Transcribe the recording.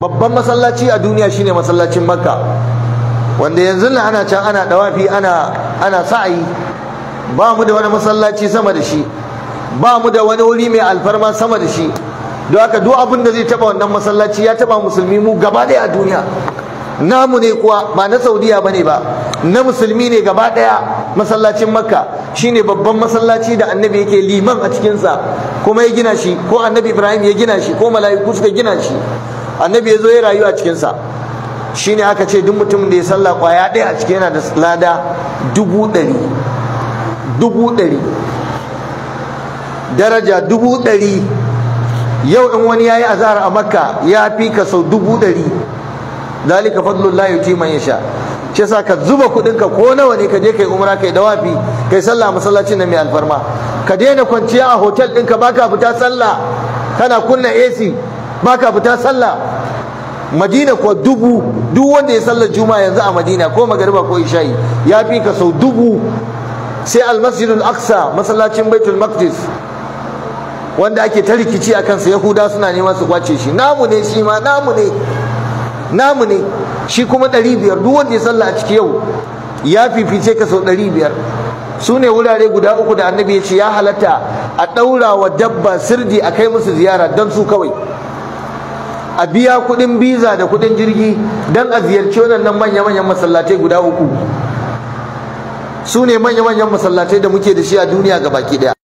babban masallaci a duniya shine masallacin makka wanda yanzu nan ana can ana dawafi ana ana sa'ayi ba mu da wani masallaci sama da shi ba mu da wani wuri mai alfarma sama da shi don haka duk abin da zai taba wannan masallaci ya taba musulmi mu gaba daya a duniya namu ne kuwa ba na saudiya bane ba na musulmi ne gaba daya masallacin makka shine babban masallaci da annabi yake liman a cikinsa kuma ya gina shi ko annabi ibrahim ya gina shi ko mala'iku suka gina shi annabi ya zo ya rayu a cikinsa shine aka ce duk mutumin da ya sallah kwaya ɗaya a ciki yana da lada dubu ɗari dubu ɗari daraja dubu ɗari yau in wani yayi azhar a makka ya fi ka sau dubu ɗari dalika fadlullahi yuti man yasha shi yasa ka zuba kuɗin ka ko nawa ne ka je kai umra kai dawafi kai sallah masallacin nan mai alfarma ka daina kwanciya a hotel ɗinka baka fita sallah kana kunna AC baka fita sallah madina kuwa dubu duk wanda ya sallar juma'a yanzu a madina ko magariba ko isha'i ya fi ka sau dubu sai al aqsa masallacin baitul maqdis wanda ake ta rikici a kansa yahuda suna neman su kwace shi namu ne shi ma namu ne namu ne shi kuma ɗari biyar duk wanda ya salla a ciki yau ya fifice ka sau ɗari biyar su ne wurare guda uku da annabi ya ce ya halatta a ɗaura wa dabba sirdi a kai musu ziyara don su kawai a biya kuɗin biza da kuɗin jirgi don a ziyarci wannan manya-manyan masallatai guda uku su ne manya-manyan masallatai da muke da shi a duniya ga baki ɗaya